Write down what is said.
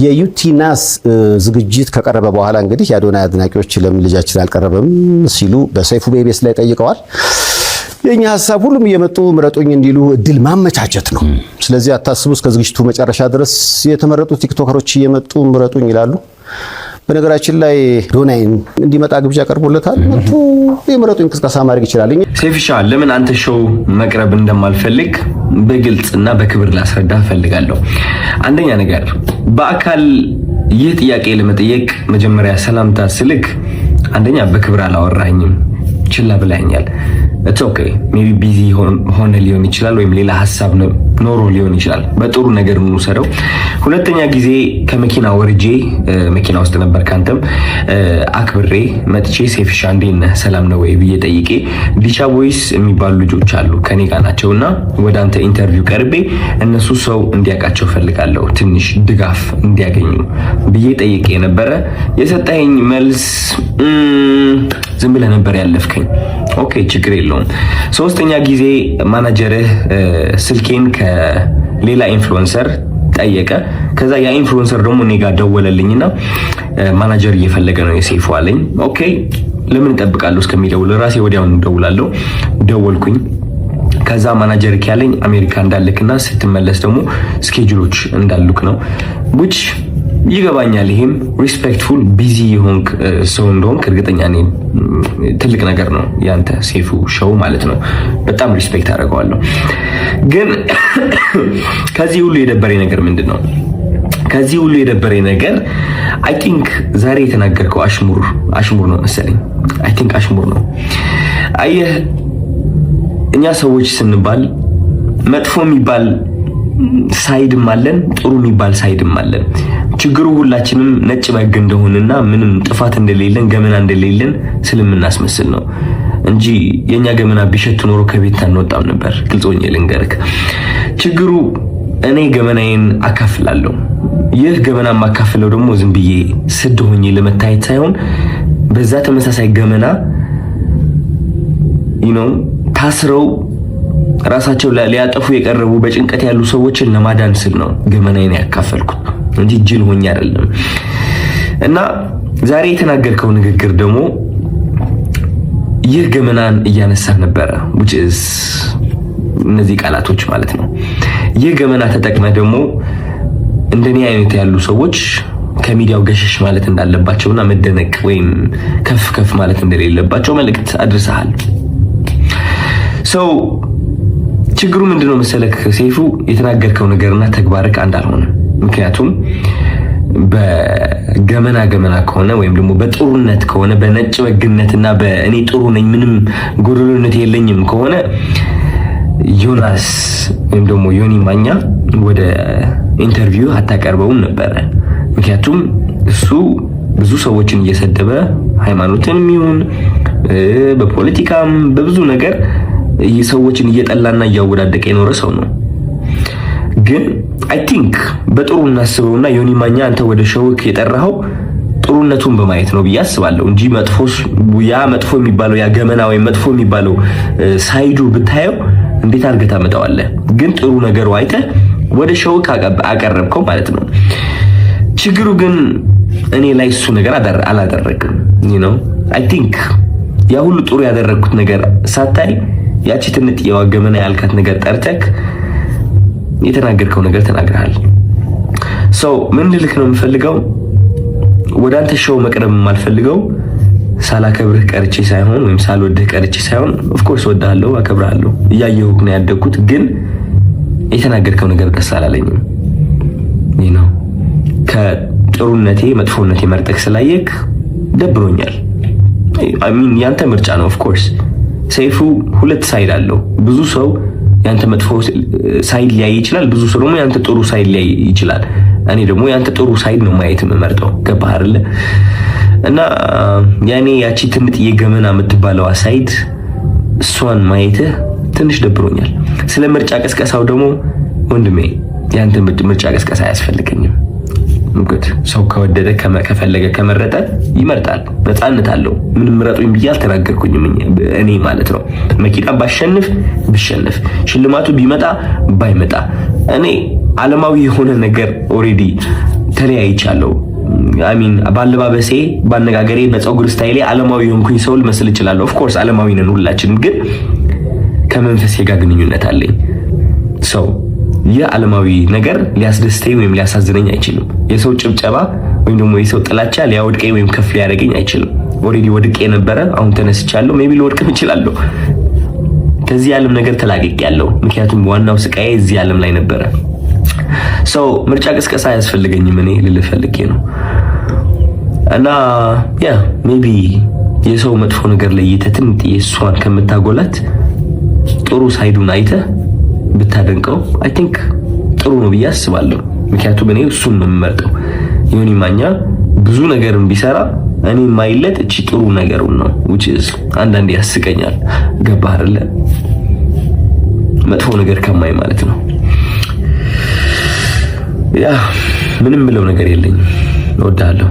የዩቲናስ ዝግጅት ከቀረበ በኋላ እንግዲህ የአዶናይ አድናቂዎች ለምን ልጃችን አልቀረበም ሲሉ በሰይፉ ቤቤስ ላይ ጠይቀዋል። የእኛ ሀሳብ ሁሉም እየመጡ ምረጡኝ እንዲሉ እድል ማመቻቸት ነው። ስለዚህ አታስቡ፣ እስከ ዝግጅቱ መጨረሻ ድረስ የተመረጡ ቲክቶከሮች እየመጡ ምረጡኝ ይላሉ። በነገራችን ላይ ዶናይን እንዲመጣ ግብዣ ቀርቦለታል። መቶ የምረጡ እንቅስቃሴ ማድረግ ይችላል። ሴፊሻ ለምን አንተ ሾው መቅረብ እንደማልፈልግ በግልጽና በክብር ላስረዳ እፈልጋለሁ። አንደኛ ነገር በአካል ይህ ጥያቄ ለመጠየቅ መጀመሪያ ሰላምታ ስልክ አንደኛ በክብር አላወራኝም፣ ችላ ብላኛል። ኦኬ ሜቢ ቢዚ ሆነ ሊሆን ይችላል፣ ወይም ሌላ ሀሳብ ኖሮ ሊሆን ይችላል። በጥሩ ነገር እንውሰደው። ሁለተኛ ጊዜ ከመኪና ወርጄ መኪና ውስጥ ነበር። ካንተም አክብሬ መጥቼ ሴፍሻ እንዴት ነህ ሰላም ነው ወይ ብዬ ጠይቄ ዲቻ ቦይስ የሚባሉ ልጆች አሉ ከኔ ጋር ናቸው እና ወደ አንተ ኢንተርቪው ቀርቤ እነሱ ሰው እንዲያውቃቸው ፈልጋለሁ ትንሽ ድጋፍ እንዲያገኙ ብዬ ጠይቄ ነበረ። የሰጠኸኝ መልስ ዝም ብለህ ነበር ያለፍከኝ። ኦኬ ችግር የለው ነው። ሶስተኛ ጊዜ ማናጀርህ ስልኬን ከሌላ ኢንፍሉዌንሰር ጠየቀ። ከዛ ያ ኢንፍሉዌንሰር ደግሞ እኔ ጋር ደወለልኝና ማናጀር እየፈለገ ነው የሴፉ አለኝ። ኦኬ ለምን እጠብቃለሁ እስከሚደውል ራሴ ወዲያውኑ ደውላለሁ። ደወልኩኝ። ከዛ ማናጀር ያለኝ አሜሪካ እንዳልክና ስትመለስ ደግሞ ስኬጁሎች እንዳሉክ ነው ች ይገባኛል። ይህም ሪስፔክትፉል ቢዚ የሆንክ ሰው እንደሆንክ እርግጠኛ ነኝ። ትልቅ ነገር ነው ያንተ ሴፉ ሸው ማለት ነው። በጣም ሪስፔክት አደርገዋለሁ። ግን ከዚህ ሁሉ የደበረኝ ነገር ምንድን ነው? ከዚህ ሁሉ የደበረኝ ነገር አይ ቲንክ ዛሬ የተናገርከው አሽሙር አሽሙር ነው መሰለኝ። አይ ቲንክ አሽሙር ነው። አየህ እኛ ሰዎች ስንባል መጥፎ የሚባል ሳይድም አለን፣ ጥሩ የሚባል ሳይድም አለን። ችግሩ ሁላችንም ነጭ በግ እንደሆንና ምንም ጥፋት እንደሌለን ገመና እንደሌለን ስለምናስመስል ነው እንጂ የኛ ገመና ቢሸት ኖሮ ከቤት አንወጣም ነበር። ግልጾኝ ልንገርክ፣ ችግሩ እኔ ገመናዬን አካፍላለሁ። ይህ ገመና የማካፍለው ደግሞ ዝም ብዬ ስድ ሆኜ ለመታየት ሳይሆን በዛ ተመሳሳይ ገመና ታስረው ራሳቸው ሊያጠፉ የቀረቡ በጭንቀት ያሉ ሰዎችን ለማዳን ስል ነው ገመናዬን ያካፈልኩት እንጂ ጅል ሆኜ አይደለም። እና ዛሬ የተናገርከው ንግግር ደግሞ ይህ ገመናን እያነሳ ነበረ። እነዚህ ቃላቶች ማለት ነው። ይህ ገመና ተጠቅመ ደግሞ እንደኔ አይነት ያሉ ሰዎች ከሚዲያው ገሸሽ ማለት እንዳለባቸውና መደነቅ ወይም ከፍ ከፍ ማለት እንደሌለባቸው መልእክት አድርሰሃል ሰው ችግሩ ምንድነው መሰለክ ሰይፉ፣ የተናገርከው ነገርና ተግባርክ አንድ አልሆነ። ምክንያቱም በገመና ገመና ከሆነ ወይም ደግሞ በጥሩነት ከሆነ በነጭ በግነትና በእኔ ጥሩ ነኝ ምንም ጎድሎነት የለኝም ከሆነ ዮናስ ወይም ደግሞ ዮኒ ማኛ ወደ ኢንተርቪው አታቀርበውም ነበረ። ምክንያቱም እሱ ብዙ ሰዎችን እየሰደበ ሃይማኖትን ይሁን በፖለቲካም በብዙ ነገር ሰዎችን እየጠላና እያወዳደቀ የኖረ ሰው ነው። ግን አይ ቲንክ በጥሩ እናስበውና ዮኒ ማኛ አንተ ወደ ሸውክ የጠራኸው ጥሩነቱን በማየት ነው ብዬ አስባለሁ እንጂ መጥፎ ያ መጥፎ የሚባለው ያ ገመና ወይም መጥፎ የሚባለው ሳይዱ ብታየው እንዴት አድርገህ ታመጣዋለህ? ግን ጥሩ ነገሩ አይተህ ወደ ሸውክ አቀረብከው ማለት ነው። ችግሩ ግን እኔ ላይ እሱ ነገር አላደረግም። ዩ አይ ቲንክ ያ ሁሉ ጥሩ ያደረግኩት ነገር ሳታይ ያቺ ትንጥ የዋገመና ያልካት ነገር ጠርተክ የተናገርከው ነገር ተናግረሃል። ሰው ምን ልልክ ነው የምፈልገው ወደ አንተ ሸው መቅረብ የማልፈልገው ሳላከብርህ ቀርቼ ሳይሆን ወይም ሳልወድህ ቀርቼ ሳይሆን፣ ኦፍኮርስ ወድሃለሁ፣ አከብርሃለሁ፣ እያየሁህ ነው ያደግኩት። ግን የተናገርከው ነገር ደስ አላለኝም። ይህ ነው ከጥሩነቴ መጥፎነቴ መርጠክ ስላየክ ደብሮኛል። ያንተ ምርጫ ነው ኦፍኮርስ ሰይፉ ሁለት ሳይድ አለው። ብዙ ሰው ያንተ መጥፎ ሳይድ ሊያይ ይችላል፣ ብዙ ሰው ደግሞ ያንተ ጥሩ ሳይድ ሊያይ ይችላል። እኔ ደግሞ ያንተ ጥሩ ሳይድ ነው ማየት የምመርጠው። ገባህ አይደለ? እና ያኔ ያቺ ትምጥ የገመና የምትባለዋ ሳይድ እሷን ማየትህ ትንሽ ደብሮኛል። ስለ ምርጫ ቀስቀሳው ደግሞ ወንድሜ ያንተ ምርጫ ቀስቀሳ አያስፈልገኝም። ጉድ ሰው ከወደደ ከፈለገ ከመረጠ ይመርጣል። ነፃነት አለው። ምን ምረጡኝ ብዬ አልተናገርኩኝም እኔ ማለት ነው። መኪና ባሸንፍ ብሸንፍ፣ ሽልማቱ ቢመጣ ባይመጣ እኔ ዓለማዊ የሆነ ነገር ኦሬዲ ተለያይቻለሁ። አሚን ባለባበሴ፣ ባነጋገሬ፣ በፀጉር ስታይሌ ዓለማዊ የሆንኩኝ ሰው ልመስል እችላለሁ። ኦፍኮርስ ዓለማዊ ነን ሁላችንም፣ ግን ከመንፈሴ ጋር ግንኙነት አለኝ ሰው የዓለማዊ ነገር ሊያስደስተኝ ወይም ሊያሳዝነኝ አይችልም። የሰው ጭብጨባ ወይም ደግሞ የሰው ጥላቻ ሊያወድቀኝ ወይም ከፍ ሊያደርገኝ አይችልም። ኦልሬዲ ወድቄ ነበረ፣ አሁን ተነስቻለሁ። ሜቢ ልወድቅም እችላለሁ። ከዚህ ዓለም ነገር ተላቅቄያለሁ። ምክንያቱም ዋናው ስቃዬ እዚህ ዓለም ላይ ነበረ። ሰው ምርጫ ቅስቀሳ አያስፈልገኝም እኔ ልልህ ፈልጌ ነው። እና ያ ሜቢ የሰው መጥፎ ነገር ለይተህ የእሷን ከምታጎላት ጥሩ ሳይዱን አይተህ ብታደንቀው አይ ቲንክ ጥሩ ነው ብዬ አስባለሁ። ምክንያቱም እኔ እሱን ነው የምመርጠው። ዮኒ ማኛ ብዙ ነገርን ቢሰራ እኔ ማይለጥ እቺ ጥሩ ነገር ነው which is አንዳንዴ ያስቀኛል። ገባህ አይደለ? መጥፎ ነገር ከማይ ማለት ነው። ያ ምንም ምለው ነገር የለኝም። እወድሃለሁ።